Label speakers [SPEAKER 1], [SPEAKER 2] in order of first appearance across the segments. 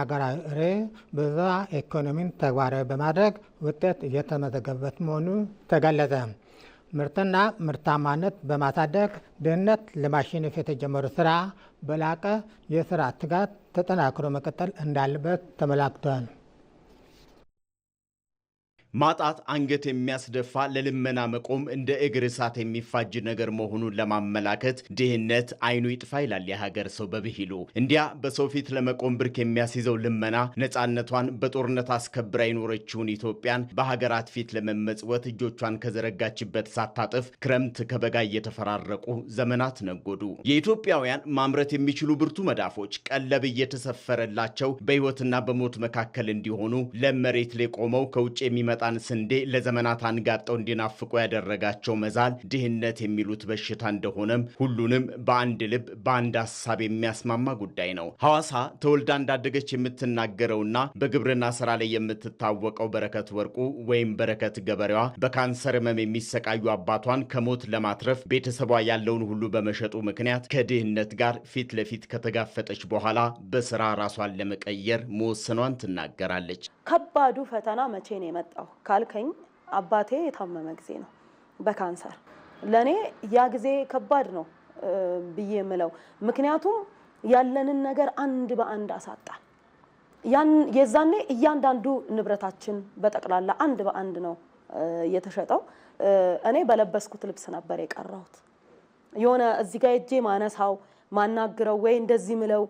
[SPEAKER 1] አገራዊ ርዕይ ብዙ ኢኮኖሚን ተግባራዊ በማድረግ ውጤት እየተመዘገበት መሆኑ ተገለጸ። ምርትና ምርታማነት በማሳደግ ድህነት ለማሸነፍ የተጀመሩ ስራ በላቀ የስራ ትጋት ተጠናክሮ መቀጠል እንዳለበት ተመላክቷል።
[SPEAKER 2] ማጣት አንገት የሚያስደፋ ለልመና መቆም እንደ እግር እሳት የሚፋጅ ነገር መሆኑን ለማመላከት ድህነት አይኑ ይጥፋ ይላል የሀገር ሰው በብሂሉ። እንዲያ በሰው ፊት ለመቆም ብርክ የሚያስይዘው ልመና ነፃነቷን በጦርነት አስከብራ የኖረችውን ኢትዮጵያን በሀገራት ፊት ለመመጽወት እጆቿን ከዘረጋችበት ሳታጥፍ ክረምት ከበጋ እየተፈራረቁ ዘመናት ነጎዱ። የኢትዮጵያውያን ማምረት የሚችሉ ብርቱ መዳፎች ቀለብ እየተሰፈረላቸው በሕይወትና በሞት መካከል እንዲሆኑ ለመሬት ላይ ቆመው ከውጭ የሚመጣ የሚያወጣን ስንዴ ለዘመናት አንጋጠው እንዲናፍቁ ያደረጋቸው መዛል ድህነት የሚሉት በሽታ እንደሆነም ሁሉንም በአንድ ልብ በአንድ ሀሳብ የሚያስማማ ጉዳይ ነው። ሐዋሳ ተወልዳ እንዳደገች የምትናገረውና በግብርና ስራ ላይ የምትታወቀው በረከት ወርቁ ወይም በረከት ገበሬዋ በካንሰር ህመም የሚሰቃዩ አባቷን ከሞት ለማትረፍ ቤተሰቧ ያለውን ሁሉ በመሸጡ ምክንያት ከድህነት ጋር ፊት ለፊት ከተጋፈጠች በኋላ በስራ ራሷን ለመቀየር መወሰኗን ትናገራለች።
[SPEAKER 3] ከባዱ ፈተና መቼ ነው የመጣው? ካልከኝ አባቴ የታመመ ጊዜ ነው በካንሰር። ለእኔ ያ ጊዜ ከባድ ነው ብዬ የምለው ምክንያቱም ያለንን ነገር አንድ በአንድ አሳጣን። የዛኔ እያንዳንዱ ንብረታችን በጠቅላላ አንድ በአንድ ነው የተሸጠው። እኔ በለበስኩት ልብስ ነበር የቀራሁት። የሆነ እዚህ ጋር እጄ ማነሳው ማናግረው ወይ እንደዚህ ምለው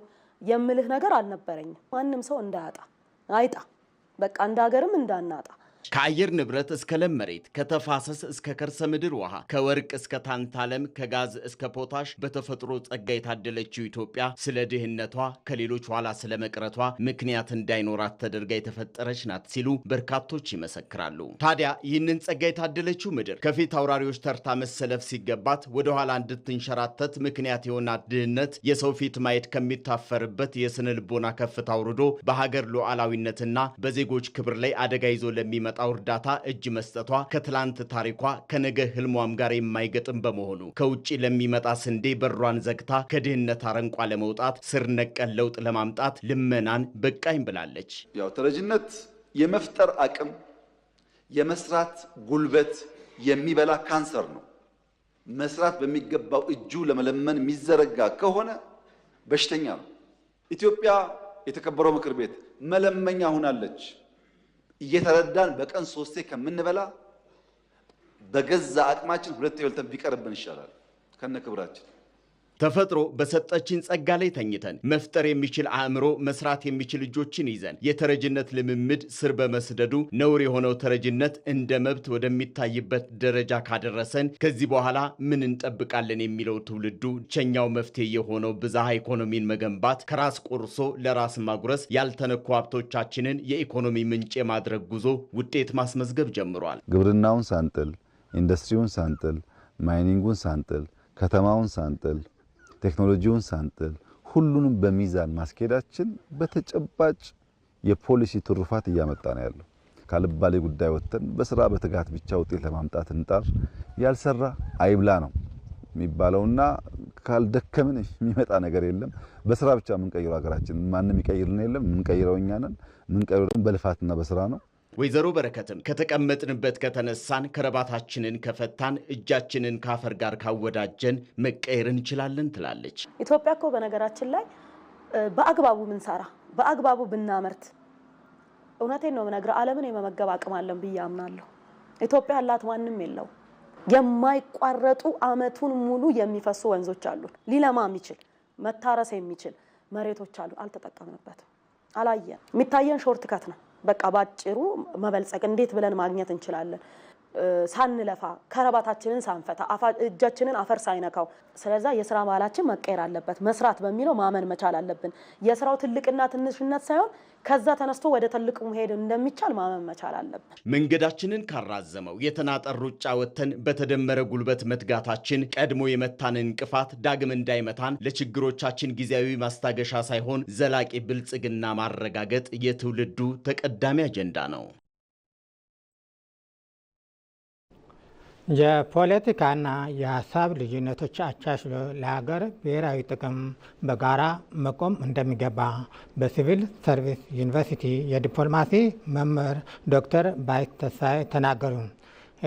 [SPEAKER 3] የምልህ ነገር አልነበረኝም። ማንም ሰው እንዳያጣ አይጣ በቃ እንደ ሀገርም እንዳናጣ
[SPEAKER 2] ከአየር ንብረት እስከ ለም መሬት፣ ከተፋሰስ እስከ ከርሰ ምድር ውሃ፣ ከወርቅ እስከ ታንታለም፣ ከጋዝ እስከ ፖታሽ በተፈጥሮ ጸጋ የታደለችው ኢትዮጵያ ስለ ድህነቷ ከሌሎች ኋላ ስለ መቅረቷ ምክንያት እንዳይኖራት ተደርጋ የተፈጠረች ናት ሲሉ በርካቶች ይመሰክራሉ። ታዲያ ይህንን ጸጋ የታደለችው ምድር ከፊት አውራሪዎች ተርታ መሰለፍ ሲገባት ወደኋላ እንድትንሸራተት ምክንያት የሆናት ድህነት የሰው ፊት ማየት ከሚታፈርበት የስነ ልቦና ከፍታ አውርዶ በሀገር ሉዓላዊነትና በዜጎች ክብር ላይ አደጋ ይዞ ለሚመ ለሚመጣው እርዳታ እጅ መስጠቷ ከትላንት ታሪኳ ከነገ ህልሟም ጋር የማይገጥም በመሆኑ ከውጭ ለሚመጣ ስንዴ በሯን ዘግታ ከድህነት አረንቋ ለመውጣት ስር ነቀል ለውጥ ለማምጣት ልመናን በቃኝ ብላለች።
[SPEAKER 4] ያው ተረጅነት የመፍጠር አቅም የመስራት ጉልበት የሚበላ ካንሰር ነው። መስራት በሚገባው እጁ ለመለመን የሚዘረጋ ከሆነ በሽተኛ ነው። ኢትዮጵያ የተከበረው ምክር ቤት መለመኛ ሆናለች። እየተረዳን በቀን ሶስቴ ከምንበላ በገዛ አቅማችን ሁለት የበልተን ቢቀርብን ይሻላል ከነ ክብራችን።
[SPEAKER 2] ተፈጥሮ በሰጠችን ጸጋ ላይ ተኝተን መፍጠር የሚችል አእምሮ መስራት የሚችል እጆችን ይዘን የተረጅነት ልምምድ ስር በመስደዱ ነውር የሆነው ተረጅነት እንደ መብት ወደሚታይበት ደረጃ ካደረሰን ከዚህ በኋላ ምን እንጠብቃለን የሚለው ትውልዱ ብቸኛው መፍትሄ የሆነው ብዝሃ ኢኮኖሚን መገንባት፣ ከራስ ቆርሶ ለራስ ማጉረስ፣ ያልተነኩ ሀብቶቻችንን የኢኮኖሚ ምንጭ የማድረግ ጉዞ ውጤት ማስመዝገብ ጀምሯል።
[SPEAKER 5] ግብርናውን ሳንጥል፣ ኢንዱስትሪውን ሳንጥል፣ ማይኒንጉን ሳንጥል፣ ከተማውን ሳንጥል ቴክኖሎጂውን ሳንጥል ሁሉንም በሚዛን ማስኬዳችን በተጨባጭ የፖሊሲ ትሩፋት እያመጣ ነው ያለው። ካልባሌ ጉዳይ ወጥተን በስራ በትጋት ብቻ ውጤት ለማምጣት እንጣር፣ ያልሰራ አይብላ ነው የሚባለውና ካልደከምን የሚመጣ ነገር የለም። በስራ ብቻ የምንቀይረው ሀገራችን ማንም ይቀይርን የለም። የምንቀይረው እኛ ነን። የምንቀይረው ደግሞ በልፋትና በስራ ነው።
[SPEAKER 2] ወይዘሮ በረከትም ከተቀመጥንበት ከተነሳን ከረባታችንን ከፈታን እጃችንን ከአፈር ጋር ካወዳጀን መቀየር እንችላለን ትላለች።
[SPEAKER 3] ኢትዮጵያ እኮ በነገራችን ላይ በአግባቡ ብንሰራ በአግባቡ ብናመርት፣ እውነቴን ነው የምነግረው፣ ዓለምን የመመገብ አቅም አለን ብዬ አምናለሁ። ኢትዮጵያ ያላት ማንም የለው። የማይቋረጡ አመቱን ሙሉ የሚፈሱ ወንዞች አሉ። ሊለማ የሚችል መታረስ የሚችል መሬቶች አሉ። አልተጠቀምንበትም፣ አላየን። የሚታየን ሾርት ከት ነው። በቃ ባጭሩ መበልጸግ እንዴት ብለን ማግኘት እንችላለን ሳንለፋ ከረባታችንን ሳንፈታ እጃችንን አፈር ሳይነካው። ስለዛ የስራ ባህላችን መቀየር አለበት። መስራት በሚለው ማመን መቻል አለብን። የስራው ትልቅና ትንሽነት ሳይሆን ከዛ ተነስቶ ወደ ትልቁ መሄድ እንደሚቻል ማመን መቻል አለብን።
[SPEAKER 2] መንገዳችንን ካራዘመው የተናጠር ሩጫ ወጥተን በተደመረ ጉልበት መትጋታችን ቀድሞ የመታን እንቅፋት ዳግም እንዳይመታን ለችግሮቻችን ጊዜያዊ ማስታገሻ ሳይሆን ዘላቂ ብልጽግና ማረጋገጥ የትውልዱ ተቀዳሚ አጀንዳ ነው።
[SPEAKER 1] የፖለቲካና የሀሳብ ልዩነቶች አቻችሎ ለሀገር ብሔራዊ ጥቅም በጋራ መቆም እንደሚገባ በሲቪል ሰርቪስ ዩኒቨርሲቲ የዲፕሎማሲ መምህር ዶክተር ባይስ ተስፋዬ ተናገሩ።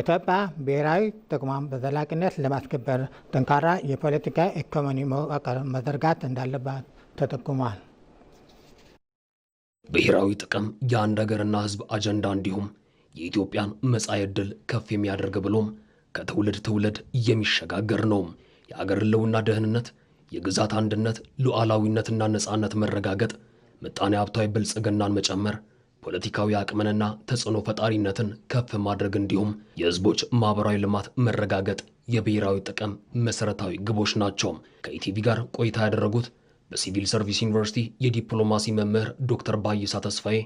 [SPEAKER 1] ኢትዮጵያ ብሔራዊ ጥቅሟን በዘላቂነት ለማስከበር ጠንካራ የፖለቲካ ኢኮኖሚ መዋቅር መዘርጋት እንዳለባት ተጠቁሟል።
[SPEAKER 2] ብሔራዊ ጥቅም የአንድ ሀገርና ሕዝብ አጀንዳ እንዲሁም የኢትዮጵያን መጻኢ ዕድል ከፍ የሚያደርግ ብሎም ከትውልድ ትውልድ የሚሸጋገር ነው። የአገር ህልውና፣ ደህንነት፣ የግዛት አንድነት፣ ሉዓላዊነትና ነፃነት መረጋገጥ፣ ምጣኔ ሀብታዊ ብልጽግናን መጨመር፣ ፖለቲካዊ አቅምንና ተጽዕኖ ፈጣሪነትን ከፍ ማድረግ እንዲሁም የህዝቦች ማኅበራዊ ልማት መረጋገጥ የብሔራዊ ጥቅም መሠረታዊ ግቦች ናቸው። ከኢቲቪ ጋር ቆይታ ያደረጉት በሲቪል ሰርቪስ ዩኒቨርሲቲ የዲፕሎማሲ መምህር ዶክተር ባይሳ ተስፋዬ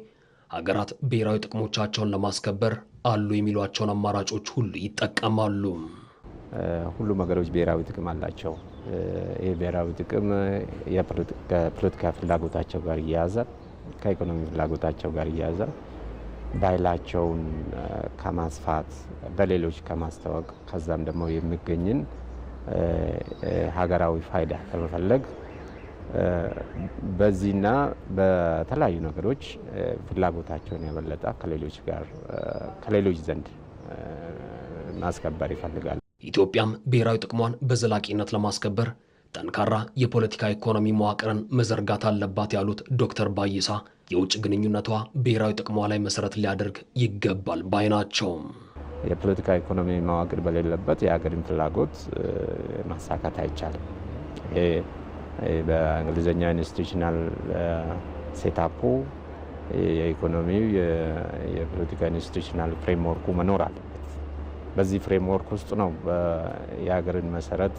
[SPEAKER 2] ሀገራት ብሔራዊ ጥቅሞቻቸውን ለማስከበር አሉ የሚሏቸውን አማራጮች ሁሉ ይጠቀማሉ።
[SPEAKER 6] ሁሉም ሀገሮች ብሔራዊ ጥቅም አላቸው። ይህ ብሔራዊ ጥቅም ከፖለቲካ ፍላጎታቸው ጋር እያያዛል፣ ከኢኮኖሚ ፍላጎታቸው ጋር እያያዛል። ባህላቸውን ከማስፋት በሌሎች ከማስታወቅ ከዛም ደግሞ የሚገኝን ሀገራዊ ፋይዳ ከመፈለግ በዚህና በተለያዩ ነገሮች ፍላጎታቸውን የበለጠ ከሌሎች ጋር ከሌሎች ዘንድ
[SPEAKER 2] ማስከበር ይፈልጋሉ። ኢትዮጵያም ብሔራዊ ጥቅሟን በዘላቂነት ለማስከበር ጠንካራ የፖለቲካ ኢኮኖሚ መዋቅርን መዘርጋት አለባት ያሉት ዶክተር ባይሳ የውጭ ግንኙነቷ ብሔራዊ ጥቅሟ ላይ መሰረት ሊያደርግ ይገባል ባይ ናቸውም።
[SPEAKER 6] የፖለቲካ ኢኮኖሚ መዋቅር በሌለበት የሀገርን ፍላጎት ማሳካት አይቻልም። በእንግሊዝኛ ኢንስቲቱሽናል ሴታፑ የኢኮኖሚው የፖለቲካ ኢንስቲቱሽናል ፍሬምወርኩ መኖር አለበት። በዚህ ፍሬምወርክ ውስጥ ነው የሀገርን መሰረት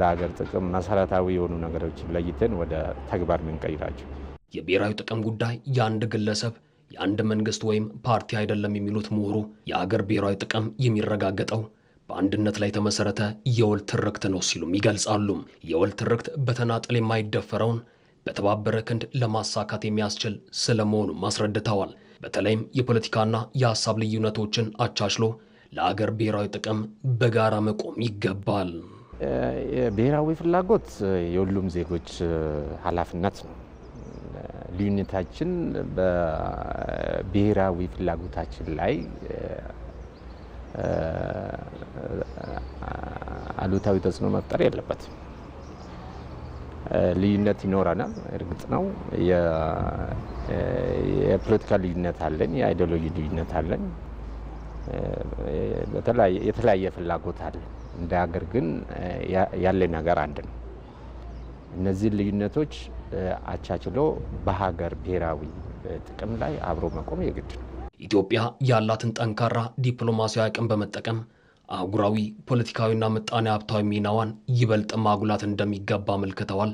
[SPEAKER 6] ለሀገር ጥቅም መሰረታዊ የሆኑ ነገሮችን ለይተን ወደ ተግባር የምንቀይራቸው።
[SPEAKER 2] የብሔራዊ ጥቅም ጉዳይ የአንድ ግለሰብ የአንድ መንግስት ወይም ፓርቲ አይደለም የሚሉት ምሁሩ የሀገር ብሔራዊ ጥቅም የሚረጋገጠው በአንድነት ላይ የተመሰረተ የወል ትርክት ነው ሲሉም ይገልጻሉ። የወል ትርክት በተናጠል የማይደፈረውን በተባበረ ክንድ ለማሳካት የሚያስችል ስለመሆኑ አስረድተዋል። በተለይም የፖለቲካና የሀሳብ ልዩነቶችን አቻችሎ ለአገር ብሔራዊ ጥቅም በጋራ መቆም ይገባል።
[SPEAKER 6] ብሔራዊ ፍላጎት የሁሉም ዜጎች ኃላፊነት ነው። ልዩነታችን በብሔራዊ ፍላጎታችን ላይ አሉታዊ ተጽዕኖ መፍጠር የለበትም። ልዩነት ይኖረናል፣ እርግጥ ነው። የፖለቲካ ልዩነት አለን፣ የአይዲዮሎጂ ልዩነት አለን፣ የተለያየ ፍላጎት አለን። እንደ ሀገር ግን ያለን ነገር አንድ ነው። እነዚህን ልዩነቶች አቻችሎ በሀገር ብሔራዊ ጥቅም ላይ አብሮ መቆም የግድ ነው።
[SPEAKER 2] ኢትዮጵያ ያላትን ጠንካራ ዲፕሎማሲያዊ አቅም በመጠቀም አህጉራዊ ፖለቲካዊና ምጣኔ ሀብታዊ ሚናዋን ይበልጥ ማጉላት እንደሚገባ አመልክተዋል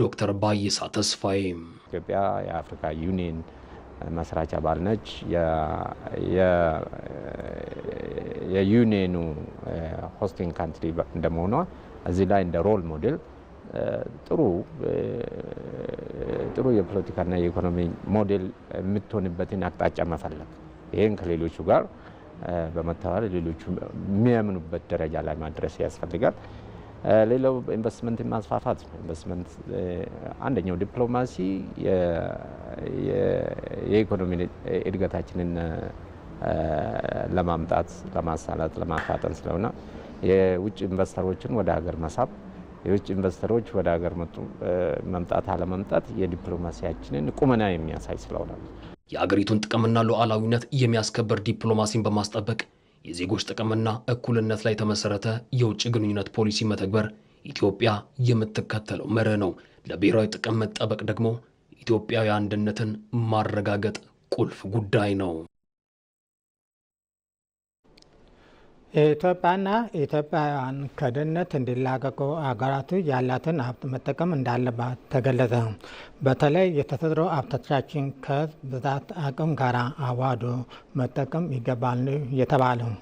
[SPEAKER 2] ዶክተር ባይሳ ተስፋዬም
[SPEAKER 6] ኢትዮጵያ የአፍሪካ ዩኒየን መስራች አባል ነች። የዩኒየኑ ሆስቲንግ ካንትሪ እንደመሆኗ እዚህ ላይ እንደ ሮል ሞዴል ጥሩ ጥሩ የፖለቲካና የኢኮኖሚ ሞዴል የምትሆንበትን አቅጣጫ መፈለግ ይህን ከሌሎቹ ጋር በመተባበር ሌሎቹ የሚያምኑበት ደረጃ ላይ ማድረስ ያስፈልጋል። ሌላው ኢንቨስትመንት ማስፋፋት። ኢንቨስትመንት አንደኛው ዲፕሎማሲ የኢኮኖሚ እድገታችንን ለማምጣት ለማሳላት፣ ለማፋጠን ስለሆነ የውጭ ኢንቨስተሮችን ወደ ሀገር መሳብ የውጭ ኢንቨስተሮች ወደ ሀገር መምጣት አለመምጣት የዲፕሎማሲያችንን ቁመና የሚያሳይ ስለሆነ
[SPEAKER 2] የአገሪቱን ጥቅምና ሉዓላዊነት የሚያስከብር ዲፕሎማሲን በማስጠበቅ የዜጎች ጥቅምና እኩልነት ላይ የተመሰረተ የውጭ ግንኙነት ፖሊሲ መተግበር ኢትዮጵያ የምትከተለው መርህ ነው። ለብሔራዊ ጥቅም መጠበቅ ደግሞ ኢትዮጵያዊ አንድነትን ማረጋገጥ ቁልፍ ጉዳይ ነው።
[SPEAKER 1] የኢትዮጵያና ኢትዮጵያውያን ከድህነት እንዲላቀቁ አገራቱ ያላትን ሀብት መጠቀም እንዳለባት ተገለጸ። በተለይ የተፈጥሮ ሀብቶቻችን ከብዛት አቅም ጋር አዋዶ መጠቀም ይገባል የተባለው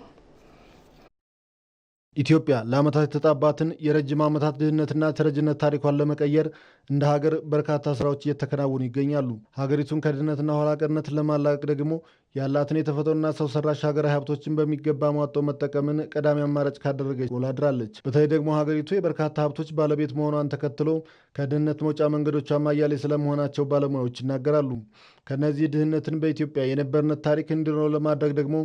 [SPEAKER 7] ኢትዮጵያ ለዓመታት የተጣባትን የረጅም ዓመታት ድህነትና ተረጅነት ታሪኳን ለመቀየር እንደ ሀገር በርካታ ስራዎች እየተከናወኑ ይገኛሉ። ሀገሪቱን ከድህነትና ኋላ ቀርነት ለማላቀቅ ደግሞ ያላትን የተፈጥሮና ሰው ሰራሽ ሀገራዊ ሀብቶችን በሚገባ ሟጦ መጠቀምን ቀዳሚ አማራጭ ካደረገች ጎላ በተለይ ደግሞ ሀገሪቱ የበርካታ ሀብቶች ባለቤት መሆኗን ተከትሎ ከድህነት መውጫ መንገዶች አያሌ ስለመሆናቸው ባለሙያዎች ይናገራሉ። ከነዚህ ድህነትን በኢትዮጵያ የነበርነት ታሪክ እንዲኖር ለማድረግ ደግሞ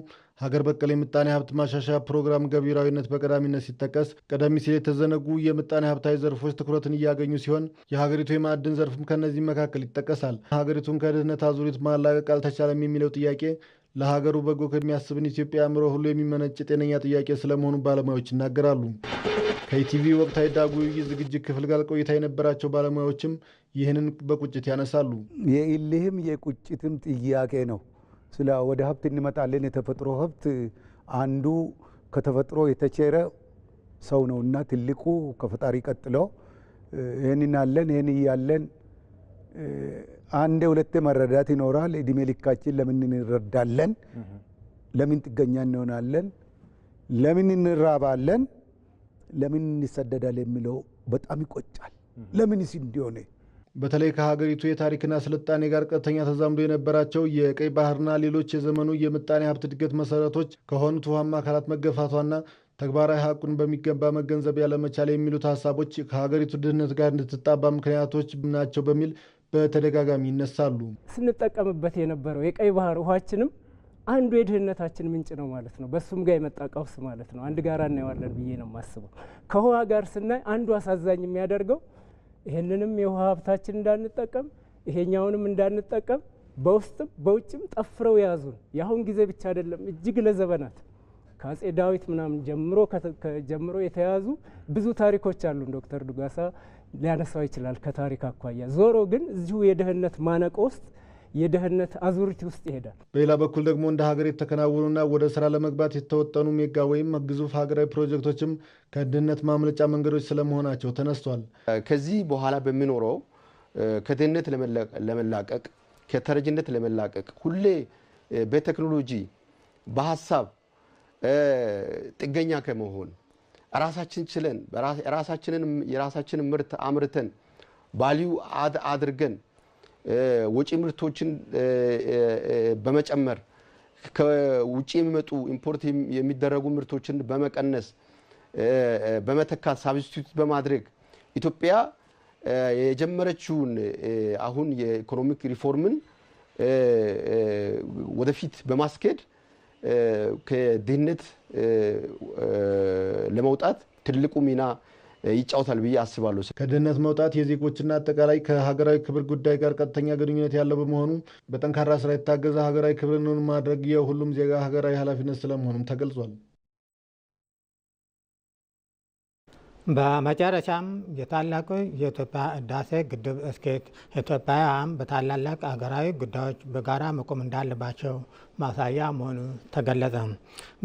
[SPEAKER 7] ሀገር በቀል የምጣኔ ሀብት ማሻሻያ ፕሮግራም ገቢራዊነት በቀዳሚነት ሲጠቀስ ቀደም ሲል የተዘነጉ የምጣኔ ሀብታዊ ዘርፎች ትኩረትን እያገኙ ሲሆን የሀገሪቱ የማዕድን ዘርፍም ከእነዚህ መካከል ይጠቀሳል። ሀገሪቱን ከድህነት አዙሪት ማላቀቅ አልተቻለም የሚለው ጥያቄ ለሀገሩ በጎ ከሚያስብን ኢትዮጵያ አእምሮ ሁሉ የሚመነጭ ጤነኛ ጥያቄ ስለመሆኑ ባለሙያዎች ይናገራሉ። ከኢቲቪ ወቅታዊ ዳጉ ውይይት ዝግጅት ክፍል ጋር ቆይታ የነበራቸው ባለሙያዎችም ይህንን በቁጭት ያነሳሉ።
[SPEAKER 8] የኢልህም የቁጭትም ጥያቄ ነው። ስለ ወደ ሀብት እንመጣለን። የተፈጥሮ ሀብት አንዱ ከተፈጥሮ የተቸረ ሰው ነው እና ትልቁ ከፈጣሪ ቀጥሎ ይህንን አለን ይህን እያለን አንዴ ሁለቴ መረዳት ይኖራል። እድሜ ልካችን ለምን እንረዳለን? ለምን ጥገኛ እንሆናለን? ለምን እንራባለን? ለምን እንሰደዳል? የሚለው በጣም ይቆጫል። ለምንስ እንዲሆነ
[SPEAKER 7] በተለይ ከሀገሪቱ የታሪክና ስልጣኔ ጋር ቀጥተኛ ተዛምዶ የነበራቸው የቀይ ባህርና ሌሎች የዘመኑ የምጣኔ ሀብት እድገት መሰረቶች ከሆኑት ውሃማ አካላት መገፋቷና ተግባራዊ ሀቁን በሚገባ መገንዘብ ያለመቻል የሚሉት ሀሳቦች ከሀገሪቱ ድህነት ጋር እንድትጣባ ምክንያቶች ናቸው በሚል በተደጋጋሚ ይነሳሉ።
[SPEAKER 9] ስንጠቀምበት የነበረው የቀይ ባህር ውሃችንም አንዱ የድህነታችን ምንጭ ነው ማለት ነው። በሱም ጋር የመጣ ቀውስ ማለት ነው። አንድ ጋራ እናየዋለን ብዬ ነው የማስበው። ከውሃ ጋር ስናይ አንዱ አሳዛኝ የሚያደርገው ይሄንንም የውሃ ሀብታችን እንዳንጠቀም ይሄኛውንም እንዳንጠቀም በውስጥም በውጭም ጠፍረው የያዙን የአሁን ጊዜ ብቻ አይደለም። እጅግ ለዘበናት ከአጼ ዳዊት ምናምን ጀምሮ ጀምሮ የተያዙ ብዙ ታሪኮች አሉን። ዶክተር ዱጋሳ ሊያነሳው ይችላል ከታሪክ አኳያ። ዞሮ ግን እዚሁ የደህንነት ማነቆ ውስጥ የደህንነት አዙሪት ውስጥ ይሄዳል።
[SPEAKER 7] በሌላ በኩል ደግሞ እንደ ሀገር የተከናወኑና ወደ ስራ ለመግባት የተወጠኑ ሜጋ ወይም ግዙፍ ሀገራዊ ፕሮጀክቶችም ከድህነት ማምለጫ መንገዶች ስለመሆናቸው ተነስቷል።
[SPEAKER 4] ከዚህ በኋላ በሚኖረው ከድህነት ለመላቀቅ ከተረጅነት ለመላቀቅ ሁሌ በቴክኖሎጂ በሀሳብ ጥገኛ ከመሆን ራሳችን ችለን የራሳችንን ምርት አምርተን ቫሊዩ አድርገን ወጪ ምርቶችን በመጨመር ከውጭ የሚመጡ ኢምፖርት የሚደረጉ ምርቶችን በመቀነስ በመተካት ሳብስቲቱት በማድረግ ኢትዮጵያ የጀመረችውን አሁን የኢኮኖሚክ ሪፎርምን ወደፊት በማስኬድ ከድህነት ለመውጣት ትልቁ ሚና ይጫወታል ብዬ አስባለሁ።
[SPEAKER 7] ከድህነት መውጣት የዜጎችና አጠቃላይ ከሀገራዊ ክብር ጉዳይ ጋር ቀጥተኛ ግንኙነት ያለው በመሆኑ በጠንካራ ስራ የታገዘ ሀገራዊ ክብርን ማድረግ የሁሉም ዜጋ ሀገራዊ ኃላፊነት ስለመሆኑም ተገልጿል።
[SPEAKER 1] በመጨረሻም የታላቁ የኢትዮጵያ ህዳሴ ግድብ እስኬት ኢትዮጵያውያን በታላላቅ አገራዊ ጉዳዮች በጋራ መቆም እንዳለባቸው ማሳያ መሆኑ ተገለጸ።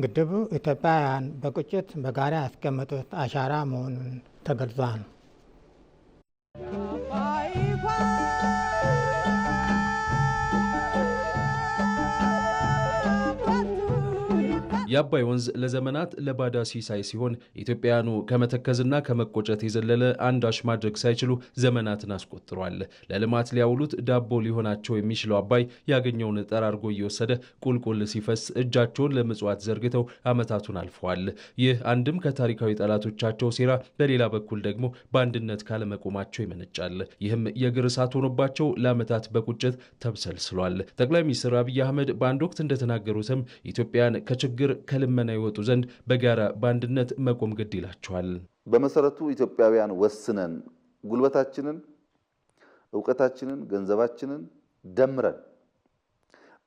[SPEAKER 1] ግድቡ ኢትዮጵያውያን በቁጭት በጋራ ያስቀመጡት አሻራ መሆኑን ተገልጿል።
[SPEAKER 2] የአባይ ወንዝ ለዘመናት ለባዳ ሲሳይ ሲሆን ኢትዮጵያውያኑ ከመተከዝና ከመቆጨት የዘለለ አንዳች ማድረግ ሳይችሉ ዘመናትን አስቆጥሯል። ለልማት ሊያውሉት ዳቦ ሊሆናቸው የሚችለው አባይ ያገኘውን ጠራርጎ እየወሰደ ቁልቁል ሲፈስ እጃቸውን ለምጽዋት ዘርግተው ዓመታቱን አልፈዋል። ይህ አንድም ከታሪካዊ ጠላቶቻቸው ሴራ፣ በሌላ በኩል ደግሞ በአንድነት ካለመቆማቸው ይመነጫል። ይህም የእግር እሳት ሆኖባቸው ለዓመታት በቁጭት ተብሰልስሏል። ጠቅላይ ሚኒስትር አብይ አህመድ በአንድ ወቅት እንደተናገሩትም ኢትዮጵያን ከችግር ከልመና ይወጡ ዘንድ በጋራ በአንድነት መቆም ግድ ይላቸዋል።
[SPEAKER 4] በመሰረቱ ኢትዮጵያውያን ወስነን ጉልበታችንን፣ እውቀታችንን፣ ገንዘባችንን ደምረን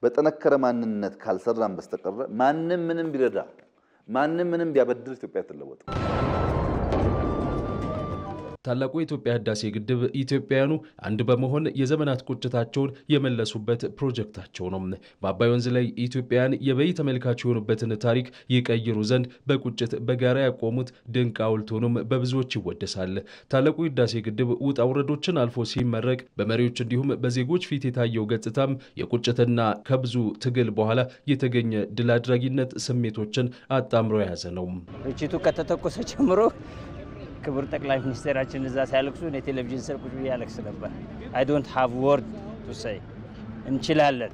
[SPEAKER 4] በጠነከረ ማንነት ካልሰራን በስተቀረ ማንም ምንም ቢረዳ ማንም ምንም ቢያበድር ኢትዮጵያ አትለወጥም።
[SPEAKER 2] ታላቁ የኢትዮጵያ ህዳሴ ግድብ ኢትዮጵያውያኑ አንድ በመሆን የዘመናት ቁጭታቸውን የመለሱበት ፕሮጀክታቸው ነው። በአባይ ወንዝ ላይ ኢትዮጵያውያን የበይ ተመልካች የሆኑበትን ታሪክ ይቀይሩ ዘንድ በቁጭት በጋራ ያቆሙት ድንቅ ሐውልት ሆኖም በብዙዎች ይወደሳል። ታላቁ የህዳሴ ግድብ ውጣ ውረዶችን አልፎ ሲመረቅ በመሪዎች እንዲሁም በዜጎች ፊት የታየው ገጽታም የቁጭትና ከብዙ ትግል በኋላ የተገኘ ድል አድራጊነት ስሜቶችን አጣምሮ የያዘ ነው።
[SPEAKER 10] ርችቱ ከተተኮሰ ጀምሮ ክቡር ጠቅላይ ሚኒስትራችን እዛ ሲያለቅሱ እኔ ቴሌቪዥን ስር ቁጭ ብዬ ያለቅስ ነበር። አይ ዶንት ሃቭ ወርድ ቱ ሰይ እንችላለን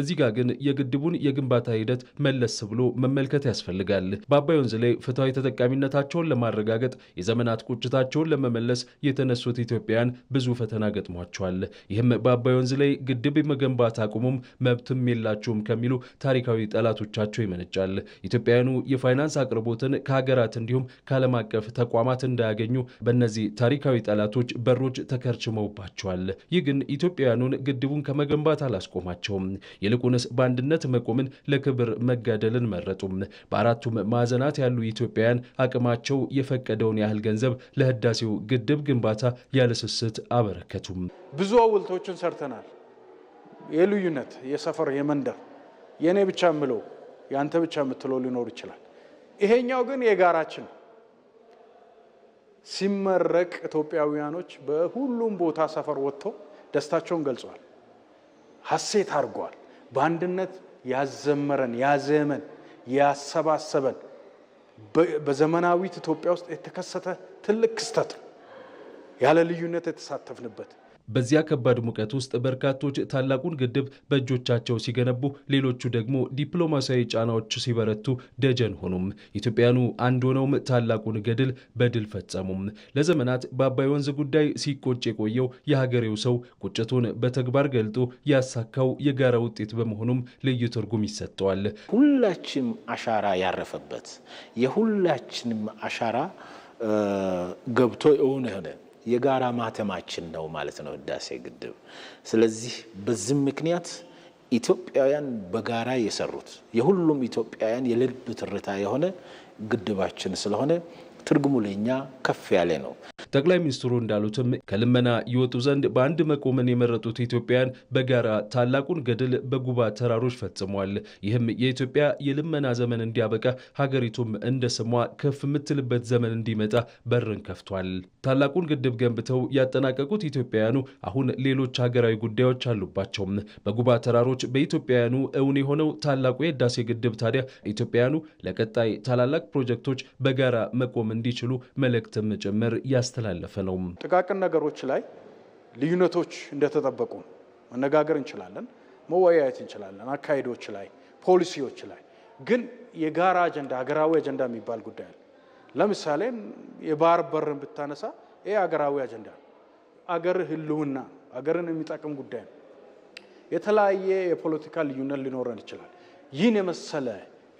[SPEAKER 2] እዚህ ጋር ግን የግድቡን የግንባታ ሂደት መለስ ብሎ መመልከት ያስፈልጋል። በአባይ ወንዝ ላይ ፍትሐዊ ተጠቃሚነታቸውን ለማረጋገጥ የዘመናት ቁጭታቸውን ለመመለስ የተነሱት ኢትዮጵያውያን ብዙ ፈተና ገጥሟቸዋል። ይህም በአባይ ወንዝ ላይ ግድብ መገንባት አቁሙም መብትም የላቸውም ከሚሉ ታሪካዊ ጠላቶቻቸው ይመነጫል። ኢትዮጵያውያኑ የፋይናንስ አቅርቦትን ከሀገራት እንዲሁም ከዓለም አቀፍ ተቋማት እንዳያገኙ በእነዚህ ታሪካዊ ጠላቶች በሮች ተከርችመውባቸዋል። ይህ ግን ኢትዮጵያውያኑን ግድቡን ከመገንባት አላስቆማቸውም። ይልቁንስ በአንድነት መቆምን ለክብር መጋደልን መረጡም። በአራቱም ማዕዘናት ያሉ ኢትዮጵያውያን አቅማቸው የፈቀደውን ያህል ገንዘብ ለህዳሴው ግድብ ግንባታ ያለስስት አበረከቱም።
[SPEAKER 4] ብዙ ሐውልቶችን ሰርተናል። የልዩነት የሰፈር የመንደር የእኔ ብቻ የምለው የአንተ ብቻ የምትለው ሊኖር ይችላል። ይሄኛው ግን የጋራችን ሲመረቅ ኢትዮጵያውያኖች በሁሉም ቦታ ሰፈር ወጥተው ደስታቸውን ገልጸዋል፣ ሀሴት አድርገዋል። በአንድነት ያዘመረን ያዘመን ያሰባሰበን በዘመናዊት ኢትዮጵያ ውስጥ የተከሰተ ትልቅ ክስተት ያለ ልዩነት የተሳተፍንበት
[SPEAKER 2] በዚያ ከባድ ሙቀት ውስጥ በርካቶች ታላቁን ግድብ በእጆቻቸው ሲገነቡ፣ ሌሎቹ ደግሞ ዲፕሎማሲያዊ ጫናዎች ሲበረቱ ደጀን ሆኑም። ኢትዮጵያኑ አንድ ሆነውም ታላቁን ገድል በድል ፈጸሙም። ለዘመናት በአባይ ወንዝ ጉዳይ ሲቆጭ የቆየው የሀገሬው ሰው ቁጭቱን በተግባር ገልጦ ያሳካው የጋራ ውጤት በመሆኑም ልዩ ትርጉም ይሰጠዋል።
[SPEAKER 4] ሁላችንም አሻራ ያረፈበት የሁላችንም አሻራ ገብቶ እውን ሆነ የጋራ ማተማችን ነው ማለት ነው ህዳሴ ግድብ። ስለዚህ በዚህም ምክንያት ኢትዮጵያውያን በጋራ የሰሩት የሁሉም ኢትዮጵያውያን የልብ ትርታ የሆነ ግድባችን ስለሆነ ትርጉሙ ለኛ ከፍ ያለ ነው።
[SPEAKER 2] ጠቅላይ ሚኒስትሩ እንዳሉትም ከልመና ይወጡ ዘንድ በአንድ መቆመን የመረጡት ኢትዮጵያን በጋራ ታላቁን ገድል በጉባ ተራሮች ፈጽሟል። ይህም የኢትዮጵያ የልመና ዘመን እንዲያበቃ ሀገሪቱም እንደ ስሟ ከፍ የምትልበት ዘመን እንዲመጣ በርን ከፍቷል። ታላቁን ግድብ ገንብተው ያጠናቀቁት ኢትዮጵያውያኑ አሁን ሌሎች ሀገራዊ ጉዳዮች አሉባቸው። በጉባ ተራሮች በኢትዮጵያውያኑ እውን የሆነው ታላቁ የህዳሴ ግድብ ታዲያ ኢትዮጵያውያኑ ለቀጣይ ታላላቅ ፕሮጀክቶች በጋራ መቆምን እንዲችሉ መልእክትም ጭምር ያስተላለፈ ነው።
[SPEAKER 4] ጥቃቅን ነገሮች ላይ ልዩነቶች እንደተጠበቁ መነጋገር እንችላለን፣ መወያየት እንችላለን። አካሄዶች ላይ፣ ፖሊሲዎች ላይ ግን የጋራ አጀንዳ ሀገራዊ አጀንዳ የሚባል ጉዳይ አለ። ለምሳሌ የባህር በርን ብታነሳ ይህ ሀገራዊ አጀንዳ አገር ህልውና አገርን የሚጠቅም ጉዳይ ነው። የተለያየ የፖለቲካ ልዩነት ሊኖረን ይችላል። ይህን የመሰለ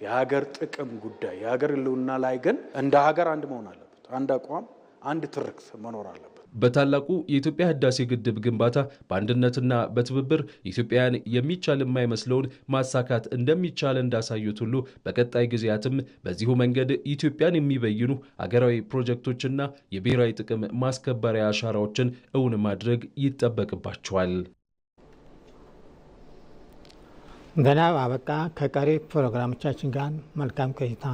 [SPEAKER 4] የሀገር ጥቅም ጉዳይ የሀገር ህልውና ላይ ግን እንደ ሀገር አንድ መሆን አለበት። አንድ አቋም፣ አንድ ትርክት መኖር አለበት።
[SPEAKER 2] በታላቁ የኢትዮጵያ ህዳሴ ግድብ ግንባታ በአንድነትና በትብብር ኢትዮጵያን የሚቻል የማይመስለውን ማሳካት እንደሚቻል እንዳሳዩት ሁሉ በቀጣይ ጊዜያትም በዚሁ መንገድ ኢትዮጵያን የሚበይኑ አገራዊ ፕሮጀክቶችና የብሔራዊ ጥቅም ማስከበሪያ አሻራዎችን እውን ማድረግ ይጠበቅባቸዋል።
[SPEAKER 1] ዜናው አበቃ። ከቀሪ ፕሮግራሞቻችን ጋር መልካም ቆይታ